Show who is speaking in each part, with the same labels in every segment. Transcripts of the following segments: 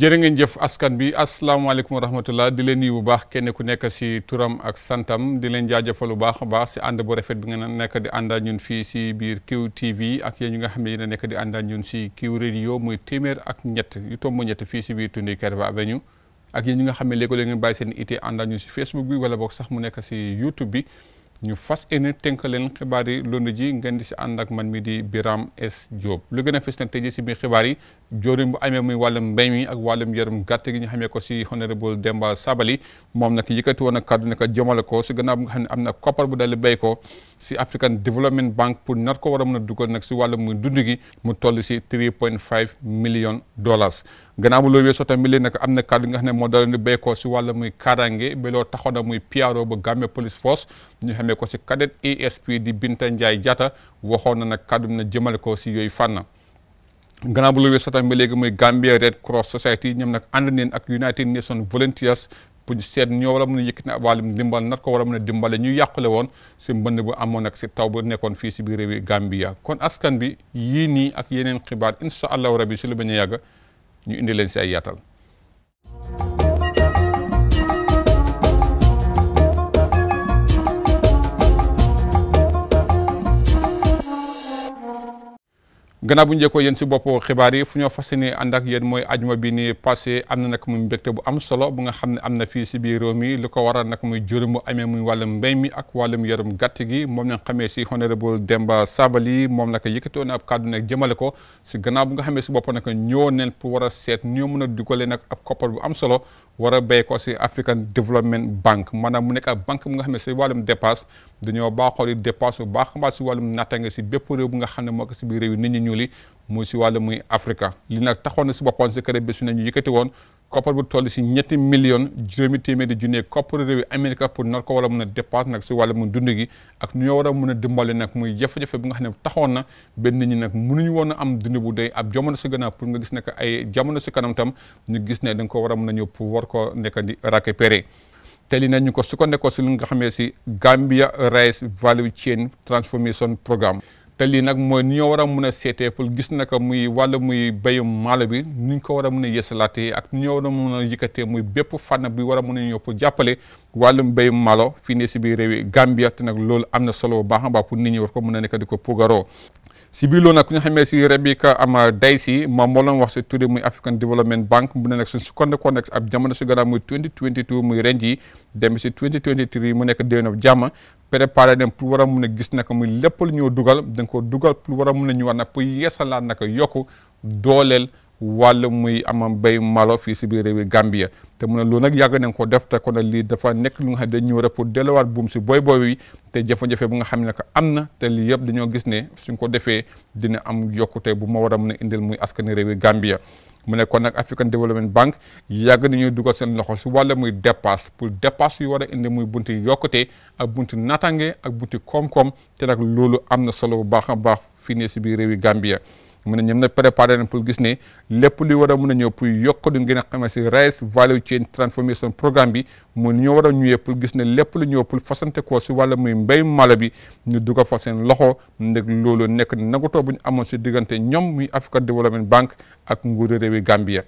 Speaker 1: jërë ngeen jëf askan bi asalaamaaleykum wa rahmatullah di leen nuyu bu baax kenn ku nekk si turam ak santam di leen jaajëfal bu baax a baax si ànd bu rafet bi ngeen nekk di ànd ak ñun fii si biir QTV ak yéen ñi nga xam ne yéen nekk di ànd ñun si Q Radio muy téeméer ak ñett yu tomb ñett fii si biir tundi Kairaba Avenue ak yéen ñi nga xam ne léegi la seen ité ànd ak ñun si Facebook bi wala book sax mu nekk si YouTube bi ñu fas yéene tenk leen xibaar yi lënd ji ngeen di si ànd ak man mi di Biram S Diop lu gën a fës nag tey ji si biir xibaar yi joorin bu amee muy wàllum mbéy mi ak wàllum yarum gàtt gi ñu xamee ko si honorable Demba Sabali moom nag yëkkati woon a kàddu ne ko jëmale ko si gannaaw bi ne am na koppar bu dal di béy ko si African Development Bank pour nar ko war a mën a dugal nag si wàllum muy dund gi si 3.5 million dollars gannaaw bu loolu weesoo tamit léegi am na kàddu nga xam ne moo dal di béy si wàllum muy kaaraange ba loo taxoon na muy PRO bu Gambia Police Force ñu xamee ko si cadet ESP di Binta Ndiaye jata waxoon na nag kàddu na jëmale ko si yooyu fànn gannaaw bu la weesoo tamit ba léegi muy Gambia Red Cross Society ñoom nag ànd neen ak United Nations Volunteers pour seet ñoo war a mën a yëkkati wàllum dimbal nat ko war a mën a dimbale ñu yàqule woon si mbënd bu amoon ak si taw bu nekkoon fii si biir réewi Gambia kon askan bi yii nii ak yeneen xibaar incha allahu rabi si lu bañ ñu yàgg ñu indi leen si ay yaatal. gannaaw bu ñu njëkkoo yéen si bopp xibaar yi fu ñoo fas yéene ànd ak yéen mooy ajuma bi ni passé am na nag mu mbégte bu am solo bu nga xam ne am na fii si biir réew mi li ko waral nag muy jëriñ mu amee muy wàllum mbéy mi ak wàllum yarum gàtt gi moom la nga xamee si honorable Demba Sabali moom la ko yëkkatoon ab kàddu nag jëmale ko si gannaaw bu nga xamee si bopp nag ñëwoon nañ pu war a seet ñoo mën a dugalee nag ab koppar bu am solo wara bay ko ci African Development Bank manam mu nek bank nga xamne ci walum dépasse dañu baxol di dépasse bax ma ci walum natanga ci bép rew nga xamne moko ci bi rew ni ñu ñuli mu ci walum muy Africa li nak taxone ci bopone ci crédit bi su ñu yëkëti won koppar bu toll si ñetti million juróomi téeméeri junne koppar réewi Amérique pour nar ko war a mën a dépasse nag si wàllum dund gi ak ñoo war a mën a dimbale nag muy jafe-jafe bi nga xam ne taxoon na benn ñi nag mënuñu woon a am dund bu doy jamono si gannaaw pour nga gis ne ay jamono si kanam tam ñu gis ne da nga ko war a mën a ñëw pour war ko nekk di récupérer te li ñu ko su ko nekkoon si li nga xamee si Gambia Rice Value Chain Transformation Programme te nag mooy ni ñoo war a mun a seetee pour gis na muy walla muy béyum maalo bi ni ñu ko war a mun a yeesalaatee ak ni ñoo war a mun a yëkkatee muy bépp fànn bi war a mun a ñëw pour jàppale wàllum béyum maalo fii ne si biir réewi Gambia te nag loolu am na solo bu baax a baax pour nit ñi war ko mun a nekk di ko pugaroo si biir loolu nag ku ñu xamee si Rebecca Ama Daysi moom moo doon wax si tudde muy African Development Bank mu ne nag suñu sukkandiku contexte ab jamono si gannaaw muy 2022 muy ren jii dem si 2023 mu nekk déwén jàmm préparé dem pour war a mun a gis naka muy lépp lu ñoo dugal da nga ko dugal pour war a mun a ñëwaat nag pour yeesalaat nag yokku dooleel wàll muy amam bay malo fii si biir réewi Gambia te mun ne loolu nag yàgg nañ ko def te kon lii dafa nekk lu nga xam ne dañu rek pour delluwaat buum si booy booy wi te jafe-jafe bu nga xam ne que am na te lii yëpp dañoo gis ne suñ ko defee dina am yokkute bu ma war a mën a indil muy askani réewi Gambia mu ne kon nag African Development Bank yàgg nañuy dugal seen loxo si wàll muy dépasse pour dépasse yu war a indi muy bunti yokkute ak bunti natange ak bunti koom-koom te nag loolu am na solo bu baax a baax fii nii si biir réewi Gambia mu ne ñoom nag préparé nañ pour gis ne lépp li war a mun a ñëw pour yokk du ngeen a xamee si rice value chain transformation programme bi mu ñoo war a ñëwee pour gis ne lépp lu ñëw pour fasante ko si wàlla muy mbéy mala bi ñu dugg fa seen loxo ndeg loolu nekk nagutoo bu ñu amoon si diggante ñoom muy Africa Development Bank ak nguuru réewi Gambia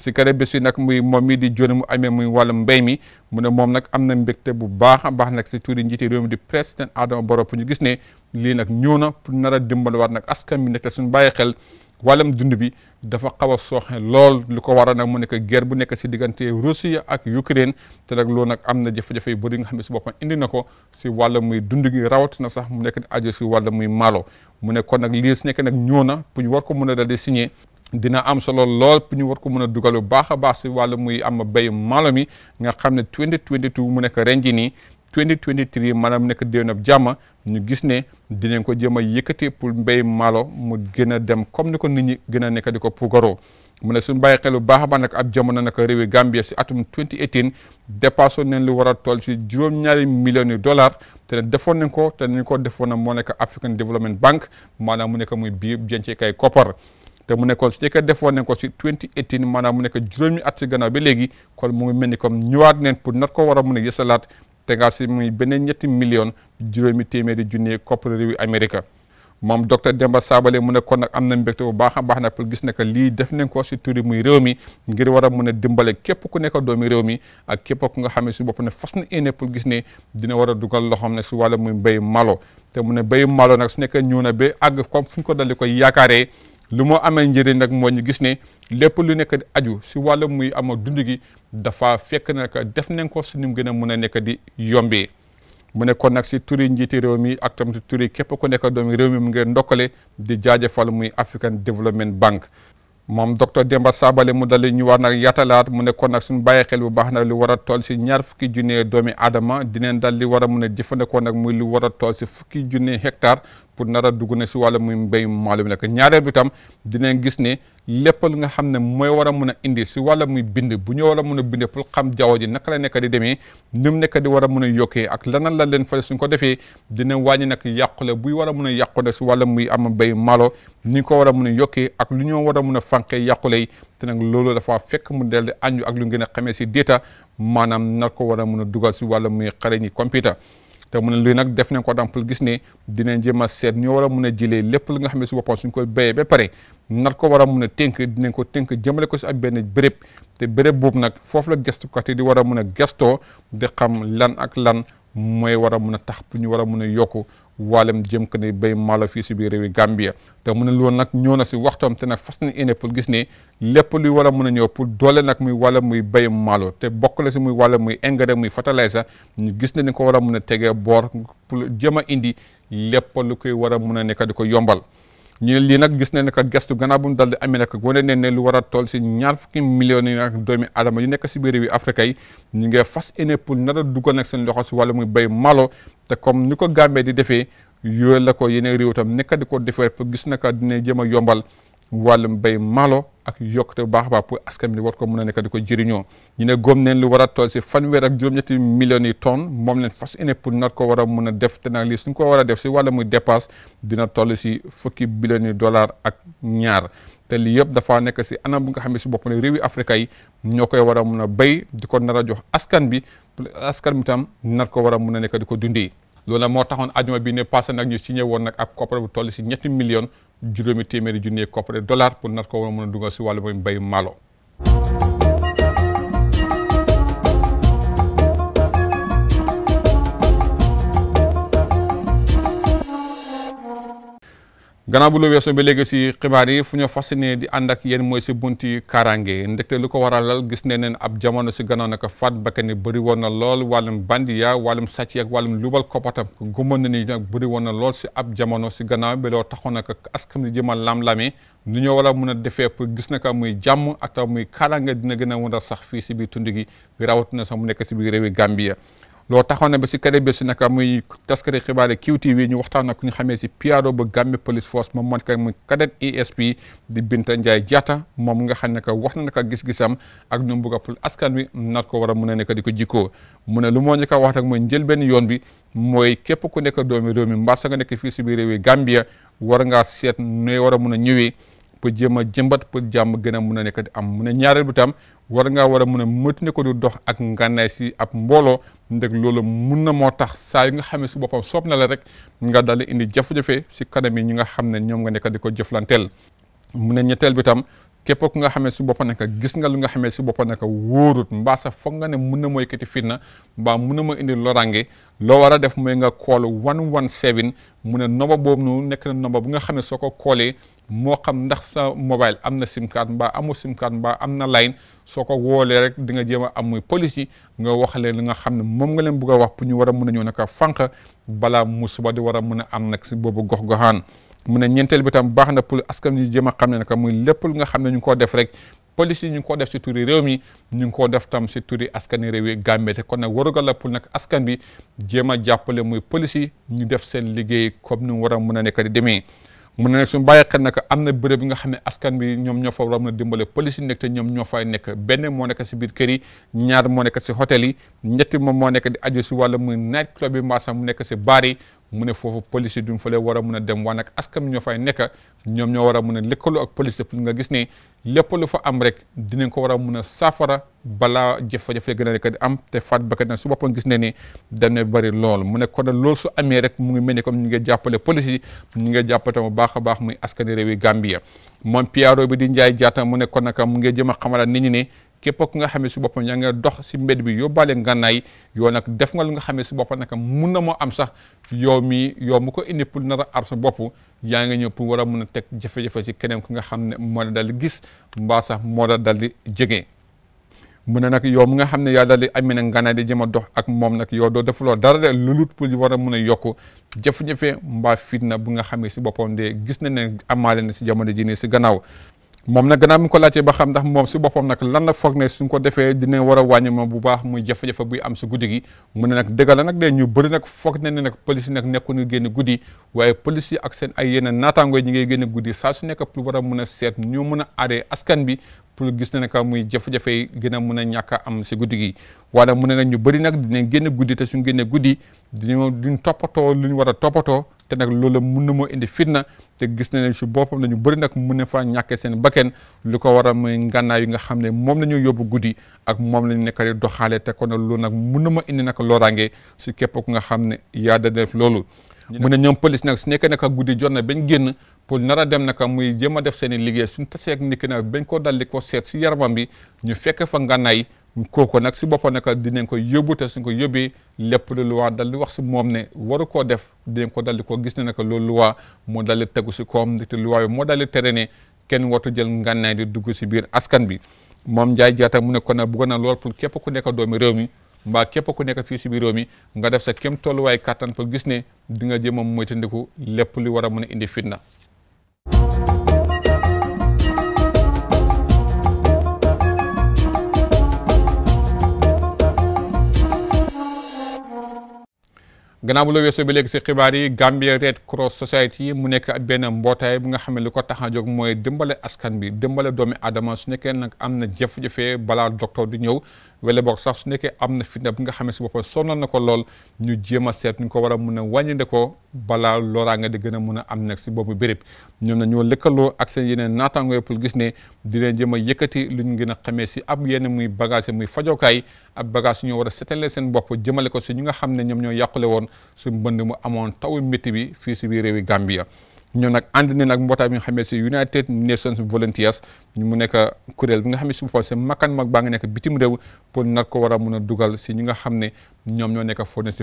Speaker 1: si kare bés yi nag muy moom mii di joni mu amee muy wàllum mbay mi mu ne moom nag am na mbégte bu baax a baax nag si tuuri njiite réew mi di président Adama Barrow pour gis ne lii nag ñëw na pour nar a dimbal war nag askan mi nekk suñu bàyyi xel wàllum dund bi dafa xaw a sooxe lool lu ko waral nag mu nekk guerre bu nekk si diggante Russie ak Ukraine te nag loolu nag am na jafe-jafe yu nga xam ne si boppam indi na ko si wàllum muy dund gi rawatina sax mu nekk aju si wàllum muy maalo mu ne nag lii si nekk nag ñëw na pour ñu ko mën a daal di dina am solo lool ñu war ko mun a dugal bu baax a baax si wàllu muy am béyu maalo mi nga xam ne 2022 mu nekk ren ji nii 2023 maanaam nekk déwén ab jàmm ñu gis ne dinañ ko jéem a yëkkati pour mbéy maalo mu gën a dem comme ni ko nit ñi gën a nekk di ko puukaroo mu ne suñu bàyyi xel bu baax a baax nag ab jamono nag réewi Gambia si atum 2018 dépassé nañ lu war a toll si juróom-ñaari millions de dollars te ne nañ ko te nañ ko defoon na moo nekk African Development Bank maanaam mu nekk muy biir jëncee kay koppar. te mu nekkoon si que defoon nañ ko si 2018 maanaam mu nekk juróomi at si gannaaw ba léegi kon mu ngi mel ni comme ñëwaat neen pour nat ko war a mun a yësalaat te ngaa si muy beneen ñetti million juróomi téeméeri junni koppar réewi Amérique moom docteur Demba Sabale mu ne nag am na mbégte baax a baax nag pour gis ne que lii def nañ ko si turi muy réew mi ngir war a mun a dimbale képp ku nekk doomi réew mi ak képp ku nga xam ne si bopp ne fas na yéene pour gis ne dina war a dugal loxoom ne si wàllu muy béy malo te mu ne béy malo nag su nekk ñëw na ba àgg comme fu ñu ko dal di koy yaakaaree lu mu amee njëriñ nag moo ñu gis ne lépp lu nekk di aju si wàllu muy ama dund gi dafa fekk nag def nañ ko si ni mu gën a mun a nekk di yombee mu ne kon nag si turi njiit réew mi ak tam si turi képp ku nekk doomi réew mi mu ngeen ndokkale di jaajëfal muy African Development Bank moom docteur Demba Sabale mu dal ñu war nag yaatalaat mu ne kon nag suñu bàyyi xel bu baax nag lu war a toll si ñaar fukki junne doomi adama dineen dal li war a mun a jëfandikoo nag muy lu war a toll si fukki junne hectare pour nar a dugg na si wàllu muy mbéyum maalum lekk ñaareel bi tam dinañ gis ne lépp lu nga xam ne mooy war a mun a indi si wàllu muy bind bu ñu a mun a binde pour xam jaww ji naka la nekk di demee ni mu nekk a mun a yokkee ak lanal la leen fa suñ ko defee dina wàññi nag yàqule buy war a mun a yàqule si wàllu muy am mbéy maalo ni ko war a mun a yokkee ak lu ñoo war a mun a fànqee yàqule yi looloo la fa fekk mu del di àñu ak lu ngeen a xamee si data maanaam nar ko war a mun a dugal si wàllu muy ñi computer te mu ne lii nag def nañ ko dam pour gis ne dinañ jëma seet ñoo war a mun a jëlee lépp li nga xam ne si boppam suñ koy béyee ba pare nat ko war a mun a tënk dinañ ko tënk jëmale ko si ak benn béréb te béréb boobu nak, foofu la gëstu ko di war a mun a di xam lan ak lan mooy war a mun a e tax pour ñu war a mun a e wàllum jëm ko ne bay maalo fii si biir réewi Gambia te mu ne loolu nag ñëw na si waxtoom te nag fas na yéene pour gis ne lépp luy wala mun a ñëw pour doole nag muy wala muy béy maalo te bokk la si muy wala muy engrais muy fertilizer ñu gis ne ni ko war a mun a tegee boor pour jëm a indi lépp lu koy war a mun a nekk di ko yombal ñu ne lii nag gis nañ ne kat gestu gannaaw bu mu dal di amee nag wane nañ lu war a toll si ñaar fukki millions yi nag doomi aadama yu nekk si biir réew yi Afrique yi ñu ngi fas yéene pour nar a dugal nag seen loxo si wàllu muy bay malo te comme ñu ko Gambie di defee yooyu la ko yeneen réew tam nekk di ko defee pour gis na dina jéem a yombal wàllum béy malo ak yokkute bu baax a baax pour askan bi war ko mën a nekk di ko jëriñoo ñu ne góom neen lu war a toll si fanweer ak juróom-ñetti millions yi tonnes moom leen fas pour nar ko war a mën a te nag lii suñ ko war a def si wàllum muy dépasse dina toll si fukki billions yi dollars ak ñaar te lii yëpp dafa nekk si anam bu nga xamee si boppa ne réewi Afrique yi ñoo koy war a mun a béy di ko nar a jox askan bi askan bi tam nar ko war a mun a nekk di ko dundee. loolu moo taxoon ajuma bi ne passé nag ñu signé woon nag ak koppar bu toll si ñetti million juróomi téeméeri junni koppare dollar pour nar ko war a mën a dugal si wàllu mbéyu maalo gannaaw bu lu weesoo ba léegi si xibaar yi fu ñu fas yéene di ànd ak yéen mooy si bunt yi kaaraange ndekte lu ko waral lal gis ne neen ab jamono si gannaaw naka faat bakkan ni bëri woon na lool wàllum bandiya wàllum sàcc ak wàllum lubal koppatam gumoon na ni nag bëri woon na lool si ab jamono si gannaaw ba loo taxoon naka askan wi jëma lam-lami nu ñoo war mun a defee pour gis naka muy jàmm ak taw muy kaaraange dina gën a mën a sax fii si biir tund gi rawatina sax mu nekk si biir réewi Gambia loo taxoon na ba si kare bi si naka muy taskari xibaar QTV ñu waxtaan ak ñu xamee si PRO bu Gambia Police Force moom mooy que muy cadet ESP di Binta Ndiaye Diatta moom nga xam ne que wax na naka gis-gisam ak nu mu bëgg askan wi nat ko war a mun a nekk di ko jikkoo mu ne lu moo njëkk a wax nag mooy njëlbeen yoon bi mooy képp ku nekk doomi réew mi mbaa sa nga nekk fii si biir réewi Gambia war ngaa seet ne war a mun a ñëwee. pour jéem a jëmbat pour jàmm gën a mun a nekk di am mu ne ñaareel bi tam war ngaa war a mun a moytu ko du dox ak ngànnaay si ab mbooloo ndeg loolu mun na moo tax saa yi nga xam si boppam soob na la rek nga daal indi jafe si kanam yi ñi nga xam ne ñoom nga nekk di ko jëflanteel mu ne ñetteel bi tam képp ku nga xamee si boppam nag gis nga lu nga xamee si boppam nag wóorut mbaa sax foog nga ne mun na mooy kiti fitna mbaa mun na moo indi loraange lo wara def moy nga call 117 mu ne nomba bobu nu nek na nomba bu nga xamne soko callé mo xam ndax sa mobile amna sim card mba amu sim card mba amna line soko wolé rek di nga jema am moy police nga waxale li nga xamne mom nga len bëgg wax pu ñu wara mëna ñëw naka fank bala musuba di wara mëna am nak ci bobu gox gohan mu ne ñentel bi baxna pour askan ñu jema xamne naka muy lepp nga xamne ñu ko def rek police ñu ngi koo def si turi réew mi ñu ngi koo def tam si turi askani réew yi Gambie te kon nag warugal la pour nag askan bi jéem a jàppale muy police ñu def seen liggéey comme nu mu war a mën a nekk di demee mu ne nag suñu bàyyi am na bërëb bi nga xam ne askan bi ñoom ñoo fa war a mën dimbale police yi nekk te ñoom ñoo fay nekk benn moo nekk si biir kër yi ñaar moo nekk si hôtel ñetti moom moo nekk di aju si wàllu muy night club yi mbaa mu nekk si baar yi mu ne foofu police yi duñ leen war a mun a dem waan ak askan ñoo fay nekk ñoom ñoo war a mun a lëkkaloo ak police pour nga gis ne lépp lu fa am rek dinañ ko war a mun a saafara balaa jafe-jafe gën a nekk di am te faat bakkan na su boppam gis ne ni dana bëri lool mu ne kon loolu su amee rek mu ngi mel ni comme ñu ngi jàppale police yi ñu ngi jàppale tam baax a baax muy askani réew yi Gambia moom PRO bi di Njaay Jaata mu ne kon nag mu ngi jëm a xamala nit ñi ne képp ku nga xamee si boppam yaa nga dox si mbedd bi yóbbaale ngànnaay yoo nag def nga lu nga xamee si boppam nag mun na moo am sax yow mi yow mu ko indi pour nar a aar sa bopp yaa nga ñëw pour war a mun a teg jafe-jafe keneen ku nga xam ne moo la gis mbaa sax moo la dal jege. mu ne nag yow mi nga xam ne yaa dal di amee na di jëm a dox ak moom nag yow doo defuloo dara de lulut pour war a mun a yokk jafe-jafe mbaa fitna bu nga xamee si boppam de gis nañ ne amaale na si jamono ji nii si gannaaw. moom nag gannaaw mi ko laajtee ba xam ndax moom si boppam nag lan la foog ne suñ ko defee dina war a wàññi moom bu baax muy jafe-jafe am si guddi gi mu ne nag dëgg la nag de ñu bëri nag foog ne ne nag police nag nekku génn guddi waaye police yi ak seen ay yeneen naataangoo yi ñu ngi génn guddi saa su nekk pour a mun a seet ñu mun a aaree askan bi pour gis na ne que muy jafe-jafe mun a ñàkk am si guddi gi wala mu ne nag ñu bëri nag dinañ génn guddi te suñ génne guddi dinañ duñ toppatoo lu ñu war a toppatoo te nag loolu mun na moo indi fitna te gis na ne si boppam ñu bëri nag mun na faa ñàkkee seen bakken lu ko waral mooy ngànnaay yi nga xam ne moom la ñu yóbbu guddi ak moom la ñu nekk di doxaale te kon nag loolu nag mun na ma indi nag looraange si képp ku nga xam ne yaa da def loolu mu ne ñoom police nag su nekkee nag guddi jot na bañ génn pour nar dem nag muy jéem a def seen i liggéey suñu tasee ak nit ki bañ koo daldi ko seet si yaramam bi ñu fekk fa ngànnaay kooko nag si boppam nag dinañ ko yóbbu te suñ ko yóbbee lépp lu luwaa dal di wax si moom ne waru ko def dinañ ko dal di ko gis ne nag loolu luwaa moo dal di si koom te luwaa moo dal di tere ne kenn wartu jël ngànnaay di dugg si biir askan bi moom Njaay Jaata mu ne ko nag na lool pour képp ku nekk doomi réew mi mbaa képp ku nekk fii si biir réew mi nga def sa kem tolluwaay kàttan pour gis ne dinga nga jéem a moytandiku lépp lu war mën a indi fitna gannaaw bu la weesoo ba léegi si xibaar yi Gambia Red Cross Society mu nekk benn mbootaay bu nga xamee ne li tax a jóg mooy dimbale askan bi dimbale doomi aadama su nekkee nag am na jafe-jafe balaa docteur du ñëw wala boog sax su nekkee am na fitna bi nga xam si boppam sonal na ko lool ñu jéem a seet ñu ko war a mun a wàññinde ko balaa loraange di gën a mun a am nag si bopp bi béréb ñoom na ñoo lëkkaloo ak seen yeneen naataangoo pour gis ne di leen jéem a yëkkati ñu gën a xamee si ab yenn muy bagage muy fajokaay ak bagage ñoo war a setale seen bopp jëmale ko si ñi nga xam ne ñoom ñoo yàqule woon su mbënd mu amoon taw métti bi fii si biir réewi Gambia ñoo nag ànd nañ ak mbootaay bi nga xam ne si United Nations Volunteers mu nekk kuréel bi nga xam ne si boppam seen makkaan mag baa nga nekk bitim réew pour nar ko war a mun a dugal si ñi nga xam ne ñoom ñoo nekk foofu ne si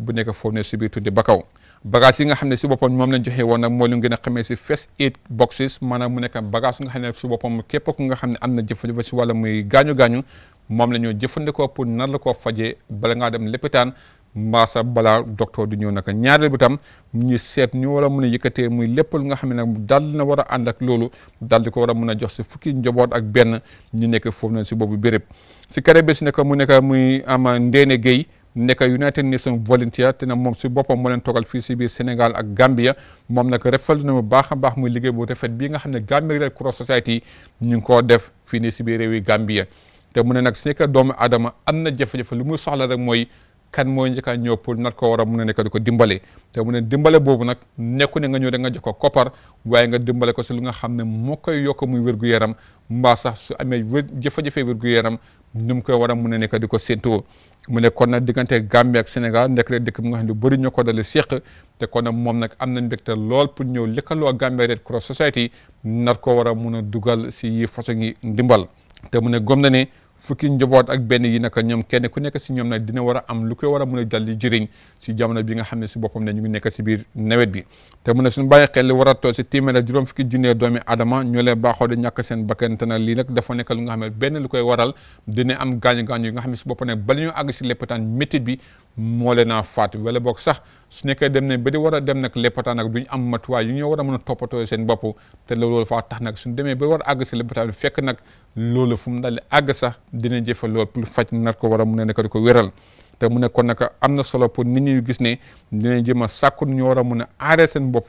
Speaker 1: bu nekk foofu ne si biir tudde Bakaw bagage yi nga xam ne si boppam moom lañ joxe woon nag moo a xamee si first aid boxes maanaam mu nekk bagage nga xam ne si boppam képp ku nga xam ne am na jëfandikoo si wàlla muy gaañu gaañu moom la jëfandikoo pour nar la koo fajee bala ngaa dem lépitaan mbaa sa balaa docteur di ñëw naka ñaareel bi tam ñu seet ñu war mun a yëkkatee muy lépp lu nga xam ne nag dal na war a ànd ak loolu dal ko war a mun a jox si fukki njoboot ak benn ñu nekk foofu na si boobu béréb si kare bi si nekk mu nekk muy am Ndeene Gueye nekk United Nations volunteer te nag moom si boppam moo leen toogal fii si biir Sénégal ak Gambia moom nag rafetlu na mu baax a baax muy liggéey bu rafet bii nga xam ne Gambia Red Cross Society ñu ngi koo def fii nii si biir réewi Gambia te mu ne nag si nekk doomu aadama am na jafe-jafe lu muy soxla rek mooy kan mooy njëkk a ñëw pour nat ko war a mun a nekk di ko dimbale te mu ne dimbale boobu nag nekku ne nga ñëw da nga jox ko koppar waaye nga dimbale ko si lu nga xam ne moo koy yokk muy wér-gu-yaram mbaa sax su amee wér jafe-jafe wér-gu-yaram nu mu koy war a mun a nekk di ko séntu mu ne kon nag diggante Gambie ak Sénégal nekk rek dëkk mu nga xam ne bëri ñoo ko dale séq te kon nag moom nag am na mbégte lool pour ñëw lëkkaloo ak Gambia Red Cross Society nat ko war a mun a dugal si yi façon yi ndimbal te mu ne gom na ne fukki njaboot ak benn yi naka ñoom kenn ku nekk si ñoom nag dina war a am lu koy war a mën a daldi jëriñ si jamono bi nga xam ne si boppam ne ñu ngi nekk si biir nawet bi te mu ne suñu bàyyi xel li war a toll si téeméer ak juróom fukki junnee doomi adama ñoo leen baaxoo di ñàkk seen bakkan te nag lii nag dafa nekk lu nga xam ne benn lu koy waral dina am gaañu gaañu yi nga xam ne si boppam ne bala ñu àgg si leppataan métit bi moole naa faat wala boog sax su nekkee dem ne ba di war a dem nag lepataan nag ñu am matuwaay yu ñoo war a mun a toppatoo seen bopp te loolu faa tax nag suñ demee ba war a àgg si lepataan fekk nag loolu fu mu daal di àgg sax dina jëfa faj nag ko war a mun a nekk ko wéral te mu ne kon nag am na solo pour nit ñi gis ne dinañ jëm a sàkku ñu war a mun a aaree seen bopp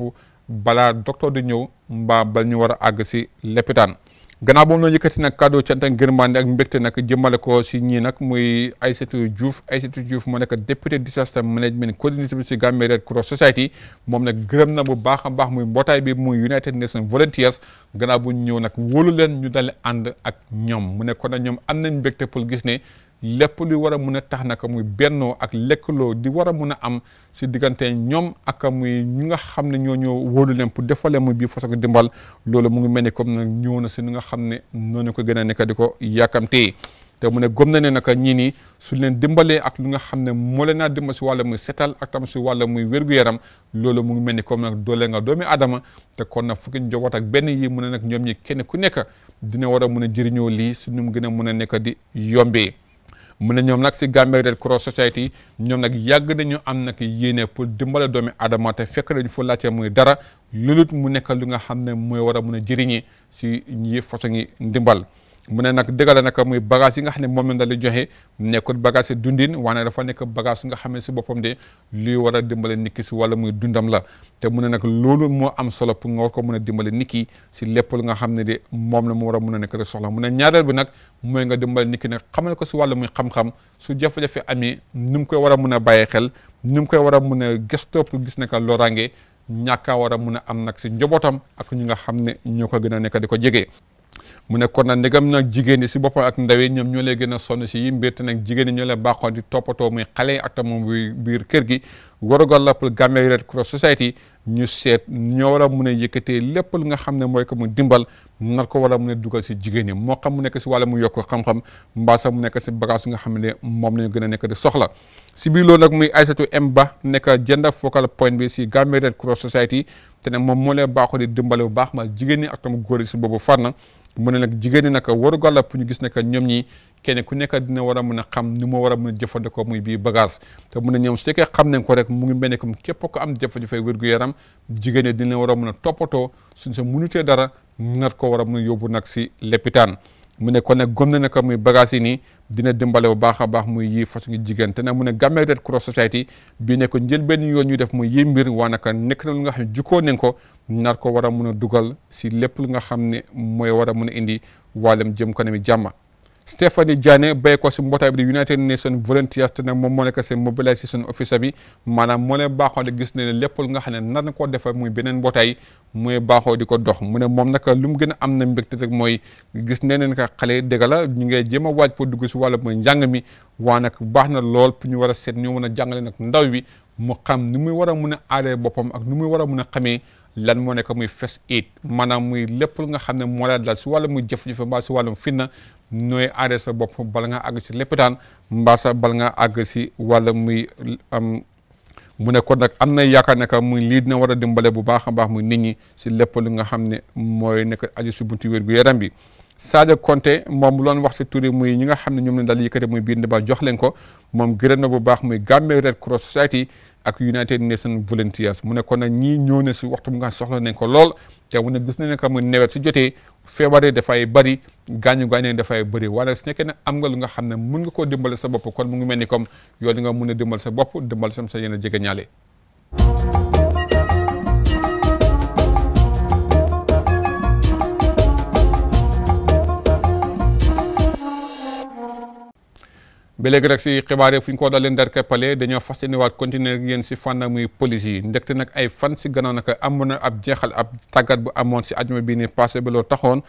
Speaker 1: balaa docteur di ñëw mbaa bal ñu war a àgg si lepitaan gannaaw boobu noonu yëkkati nag cadeau cant ak ngërmande ak mbégte nag jëmale ko si ñii nag muy Aïssatou Diouf Aïssatou Diouf moo nekk député disaster management coordinateur bi si Gambia Red Cross Society moom nag gërëm na bu baax a baax muy mbootaay bi muy United Nations Volunteers gannaaw bu ñëw nag wóolu leen ñu dale ànd ak ñoom mu ne kon nag ñoom am nañ mbégte pour gis ne lépp lu war a mun a tax naka muy bennoo ak lekkaloo di war a mun a am si diggante ñoom ak muy ñu nga xam ne ñoo ñoo wóolu leen pour defale mu bii façon dimbal loolu mu ngi mel ni comme nag ñëw na si ñu nga xam ne noonu ko gën a nekk te mu ne gëm na ne naka ñii nii su leen dimbalee ak lu nga xam ne moo leen naa si wàlla muy setal ak tam si wàlla muy wér yaram loolu mu ngi mel ni comme nag doole nga doomi aadama te kon nag fukki njaboot ak benn yi mu ne nag ñoom ñi kenn ku nekk dina war a mun a jëriñoo lii su mu gën a mun a nekk di yombee mu ne ñoom nag si Gambia Red Cross Society ñoom nag yàgg nañu am nag yéene pour dimbale doomi aadama te fekk nañu fu laajtee muy dara lu lulut mu nekk lu nga xam ne mooy war a mun a jëriñee si ñi façon yi ndimbal mu ne nag dëgg la nag muy bagage yi nga xam ne moom la la joxe nekkul bagage dundin waaye dafa nekk bagage nga xam ne si boppam de luy war a dimbale si wala muy dundam la te mu ne nag loolu moo am solo pour nga ko mun a dimbale nit ki si lépp lu nga xam ne de moom la mu war a mun a nekk rek soxla mu ne ñaareel bi nag nga dimbale nit ki nag xamal ko si wàllu muy su jafe-jafe amee ni koy war a mun a bàyyee xel ni mu koy war a mun a gëstoo pour gis ne que loraange war a mun a am nag si njobootam ak ñi nga xam ne ñoo ko gën a nekka di ko jege mu ne kon nag ndegam nag jigéen ñi si boppam ak ndaw yi ñoom ñoo lee gën a sonn si yi mbir te nag jigéen ñi ñoo leen baaxoon di toppatoo muy xale yi ak tamit biir kër gi warugal la pour Gambia Red Cross Society ñu seet ñoo war mun a lépp lu nga xam ne mooy ko mu dimbal nar ko war a mun dugal si jigéen ñi moo xam mu nekk si wàlla mu yokk xam-xam mu nekk si bagage nga xam ne moom lañu gën a nekk di soxla si biir loolu nag muy Aïssatou M Ba nekk gender focal point bi si Gambia Red Cross Society te ne moom moo leen baaxoo di dimbale bu baax ma jigéen ñi ak tam góor yi si boobu far na mu ne nag jigéen ñi nag warugal la pour ñu gis ne que ñoom ñi kenn ku nekk dina war a mën a xam ni moo war a mën a jëfandikoo muy bii bagage te mu ne ñoom su fekkee xam nañ ko rek mu ngi mel ne comme képp ko am jafe-jafe yaram jigéen ñi dina war a mën a toppatoo suñ sa munutee dara nat ko war a mën a nag si lepitaan mu ne kon nag gëm ne que muy bagage yi nii dina dimbale bu baax a baax muy yi façon jigéen te nag mu ne Gambia Red Cross Society bii ne ko njëlbeen yoon ñuy def mu yi mbir waa naka nekk na nga xam ne jukkoo nañ ko nar ko war a mun a dugal si lépp lu nga xam ne mooy war a mun a indi wàllum jëm kanami jàmma Stéphanie Diané béy ko si mbootaay bi di United Nations Volunteers te nag moom moo nekk seen mobilisation officer bi maanaam moo leen baaxoo di gis ne lépp lu nga xam nar na ko defar muy beneen mbootaay muy baaxoo di ko dox mu ne moom nag lu gën a am na mbégte rek mooy gis ne neen ka xale dëgg la ñu ngee jéem a waaj pour dugg si wàllu mooy njàng mi waa nag baax na lool pour ñu war a seet ñu mën a jàngale nag ndaw bi mu xam ni muy war a mun a aaree boppam ak nu muy war a mun a xamee lan moo nekk muy first aid maanaam muy lépp lu nga xam ne moo la dal si wàllum muy jëf-jëfe mbaa si wàllum fitna nooy aaree sa bopp bala nga àgg si léppitaan mbaa sa bala nga àgg si wàllum muy mu ne nag am na yaakaar ne muy lii dina war a dimbale bu baax a baax muy nit ñi si lépp lu nga xam ne mooy nekk aju si buntu wér gu yaram bi Sadio Conte moom loon wax si turi muy ñi nga xam ne ñoom ne daal yëkkate muy bind ba jox leen ko moom gërëm na bu baax muy Gambia Red Cross Society ak United Nations Volunteers mu ne kon nag ñii ñëw ne si waxtu bu nga soxla nañ ko lool te mu ne gis ne que mu nawet si jotee feebaree dafay bëri gaañu gaañu dafay bëri waaye su nekkee ne am nga lu nga xam ne mun nga koo dimbale sa bopp kon mu ngi mel ni comme yow di nga mun a dimbal sa bopp dimbal sam sa yenn jegeñaale ba léegi rek si xibaar yi fu ñu ko daal leen darkeppale dañoo fas yéenewaat continuer ngeen si fànn muy police yi ndekte nag ay fan si gannaaw nag amoon na ab jeexal ab tàggat bu amoon si ajuma bii ni passé ba loo taxoon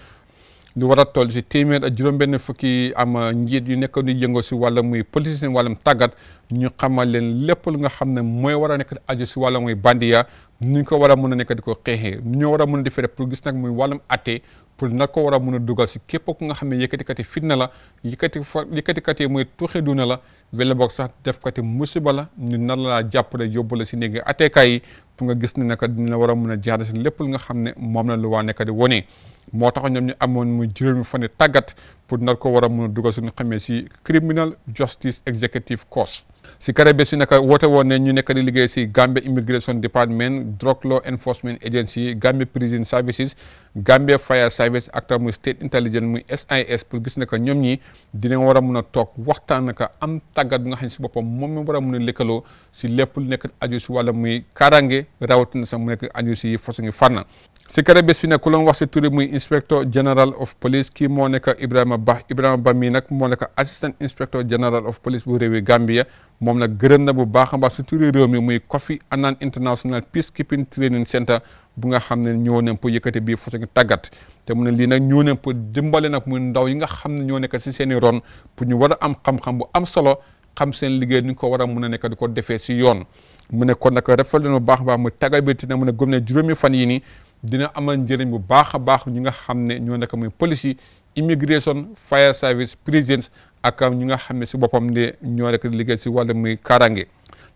Speaker 1: lu war a toll si téeméer ak fukki am njiit yu nekk di yëngoo si wàllum muy police si tàggat ñu xamal leen lépp lu nga xam ne mooy war a nekk ajo si wàllum muy bandiya ni ñu ko war a mën a nekk di ko xeexee ñoo war a mun a di fere pour gis nag muy wàllum ate pour nag ko war a mun a dugal si képp ku nga xam ne yëkkatikati fitna la yëkkati fa yëkkatikati mooy tuxi duna la wala boog sax def kati musiba la ñu nar laa jàppale yóbbu la si néegi atteekaay yi pour nga gis ne naka dina war a mun a jaar si lépp lu nga xam ne moom la lu waa nekk di wone moo tax ñoom ñu amoon mu juróomi fan tàggat pour nag ko war a mun a dugal suñu xamee si criminal justice executive course si Karabes si naka woote woon ne ñu nekk di liggéey si Gambia Immigration Department Drug Law Enforcement Agency Gambia Prison Services gambe Fire Service ak tam muy State Intelligence muy SIS pour gis naka ñoom ñi dina war a mun a toog waxtaan naka am tàggat bi nga xam si boppam moom mi war a mun a lëkkaloo si lépp lu nekk aju si wàlla muy kaaraange rawatina sax mu nekk aju si façon fànna si kare bés fi nag ku loon wax si turi muy inspecteur general of police kii moo nekk Ibrahima Ba Ibrahima Ba mii nag moo nekk assistant inspecteur general of police bu réewi Gambia moom nag gërëm na bu baax a baax si turi mi muy Kofi Annan International Peacekeeping Training Center bu nga xam ne ñoo ne pour yëkkati bii façon tàggat te ne lii nag ñoo ne pour dimbale nag muy ndaw yi nga xam ne ñoo nekk si seen i ron pour ñu war am xam-xam bu am solo xam seen liggéey ni ñu ko war a mun a nekk di ko defee si yoon mu ne kon nag refal leen baax a baax mu tàggat bi te ne mu ne gëm juróomi fan yi nii dina amal njëriñ bu baax a baax ñi nga xam ne ñoo nekk muy police yi immigration fire service prisons ak ñu nga xam ne si boppam de ñoo nekk liggéey si wàllu muy kaaraange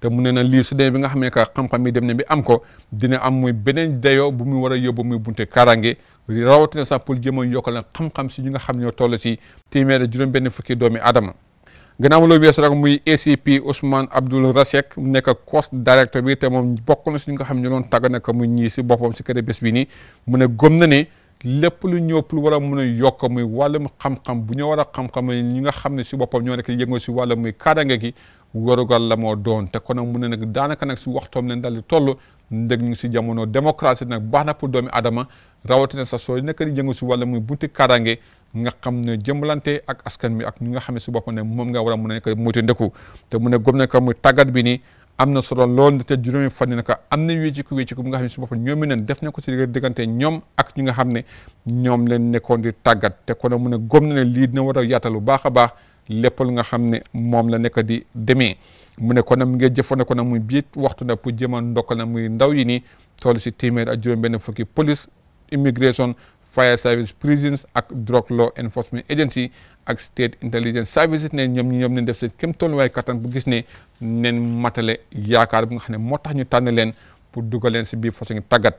Speaker 1: te mu ne na lii su dee bi nga xam ne que xam-xam dem ne bi am ko dina am muy beneen dayoo bu mu war a yóbbu muy bunte kaaraange rawatina sax pour jëm a yokkal xam-xam si ñu nga xam ne ñoo toll si téeméer juróom-benn fukki doomi aadama gannaaw loolu weesu rek muy ACP Ousmane Abdoul Rasek mu nekk cost directeur bi te moom bokk na si ñi nga xam ne ñu doon tàgg mu ñii si boppam si kër bés bi nii mu ne gëm na ne lépp lu ñëw lu war mun a yokk muy bu ñu war a xam ñi nga xam ne si boppam ñoo nekk yëngoo si wàllum muy kaaraange gi warugal la moo doon te kon nag mu ne nag daanaka nag si waxtoom leen daal di toll ndeg ñu si jamono démocratie nag baax na pour doomi adama rawatina sa soo nekk di yëngu si wàllum muy bunti kaaraange nga xam ne jëmbalante ak askan bi ak ñu nga xam ne si boppam ne moom nga war mun a ko moytu ndeku te mu ne gom ne ko muy tàggat bi ni am na solo lool te juróomi fan ne ko am na wécciku wécciku bu nga xam ne si boppam ñoom it def na ko si diggante ñoom ak ñi nga xam ne ñoom leen nekkoon di tàggat te kon mu mun a na ne lii dina war a yaatal bu baax a baax lépp lu nga xam ne moom la nekk di deme mu ne kon nag mu ngi jëfandikoo nag muy biit waxtu na pour jéem a na muy ndaw yi nii toll si téeméer a juróom benn fukki police immigration fire service prisons ak drug law enforcement agency ak state intelligence services ne ñoom ñoom leen def seen kéem tolluwaay kattan bu gis ne nen matale yaakaar bu nga xam ne moo tax ñu tànn leen pour dugal leen si biir façon tàggat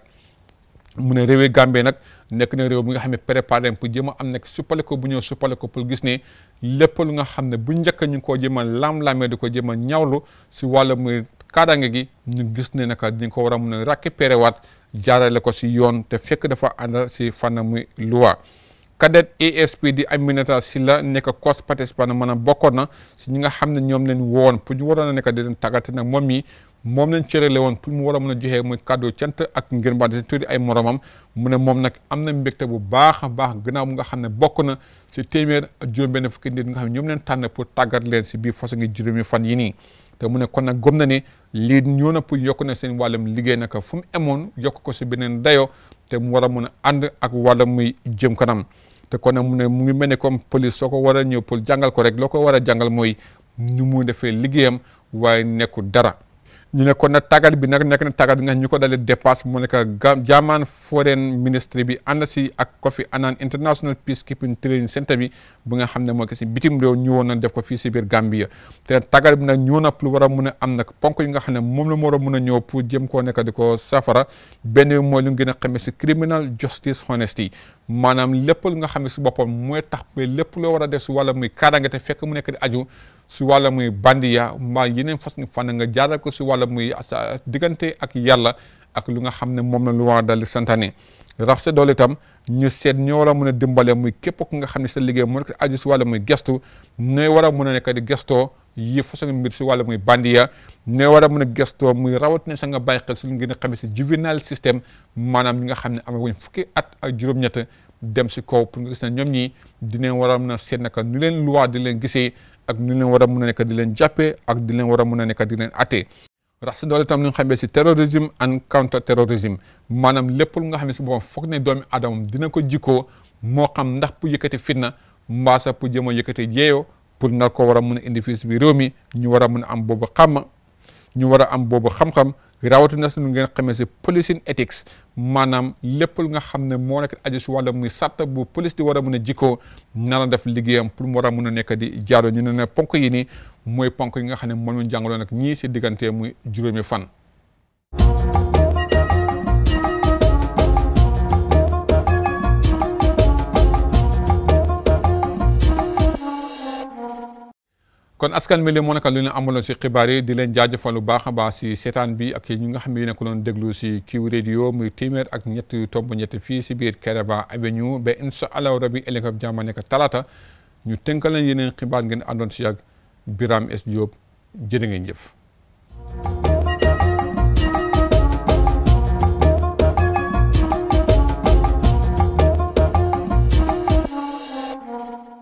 Speaker 1: mu ne réewi Gambie nag nekk na réew bi nga xam ne préparé pour jéem a am nekk suppale ko bu ñëw suppale ko pour gis ne lépp lu nga xam ne bu njëkk ñu ngi koo jéem a lam-lamee di ko jéem a ñawlu si wàllu muy kaadaange gi ñu gis ne naka dañ ko war a mun a récupérer waat jaarale ko si yoon te fekk dafa ànd si fànn muy loi cadette ASP di Aminata Sylla nekk cos participant maanaam bokkoon na si ñi nga xam ne ñoom lañ woon pour ñu waroon a nekk di leen tàggat moom mi moom lañ cërale woon pour mu war a mun a joxe muy kàddu cant ak ngir mbaa di ay moromam mu ne moom nag am na mbégte bu baax a baax gannaaw mu nga xam ne bokk na si téeméer ak juróom-benn fukki nit nga xam ne ñoom leen tànn pour tàggat leen si biir façon ngi fan yi nii te mu ne kon nag gëm na ne lii ñëw na pour yokk na seen wàllum liggéey naka fu mu emoon yokk ko si beneen dayoo te mu war a mun a ànd ak wàllum muy jëm kanam te kon nag mu ne mu ngi mel ne comme police soo ko war a ñëw pour jàngal ko rek loo ko war a jàngal mooy nu mu defee liggéeyam waaye nekku dara ñu ne kon nag tàggat bi nag nekk na tàggat bi nga ñu ko dalee dépasse mu nekk German Foreign Ministry bi ànd si ak Kofi Annan International Peacekeeping Training Center bi bu nga xam ne moo ko si bitim réew ñu woon na def ko fii si biir Gambia te tagal bi nag ñëw na pour war a mun a am nag ponk yi nga xam ne moom la mu war a mun a ñëw pour jëm koo nekk di ko safara benn bi mooy lu gën a xamee si criminal justice honesty maanaam lépp lu nga xam ne si boppam mooy tax ba lépp war a def si wàlla muy kaaraange fekk mu nekk di aju si wàlla muy bandiya mbaa yeneen fas fan fànn nga jaaral ko si wàlla muy sa diggante ak yàlla ak lu nga xam ne moom na lu war a dal di santaane rax sa doole itam ñu seet ñoo war a mun a dimbale muy képp ku nga xam ne sa liggéey mu nekk aju si wàlla muy gestu ñooy a mën a nekk di gestoo yi façon mbir si wàlla muy bandiya ñooy war a mën a gestoo muy rawatina sa nga bàyyi xel si lu ngeen xam si juvenile système maanaam ñi nga xam ne am wuñ fukki at ak juróom-ñett dem si kaw pour nga gis ne ñoom ñi dinañ war a mën a seet naka ñu leen luwaa di leen gisee ak ni leen war a mun a nekk di leen jàppee ak di leen mun a nekk di leen attee rax si tam li nga xam ne si terrorisme and counter terrorisme maanaam lépp lu nga xam ne si boppam foog ne doomi aadama dina ko jikkoo moo xam ndax pour yëkkati fitna mbaa sax pour jéem a yëkkati yeeyoo pour nar ko war a mun a indi fii si biir réew mi ñu war a mun a am boobu xàmm ñu war a am boobu xam-xam rawatina suñu ngeen xamee si policing ethics maanaam lépp lu nga xam ne moo nekk aju si wàllam muy sàtt bu police di war a mën a nana def liggéeyam pour mu war a mën a nekk di jaaro ñu ne na ponk yi ni mooy ponk yi nga xam ne moom ñu jàngaloon nag ñii si diggante muy juróomi fan kon askan mi li moo nekk lu leen amaloon si xibaar yi di leen jaajëfal lu baax a baax si seetaan bi ak ñi nga xam ne yéen a ko doon déglu si kiw radio muy téeméer ak ñett tomb ñetti fii si biir Kairaba Avenue ba incha allahu rabi ëllëg ab jàmm nekk talaata ñu tënkal leen yeneen xibaar ngeen andoon si ak Biram S Diop jërë ngeen jëf.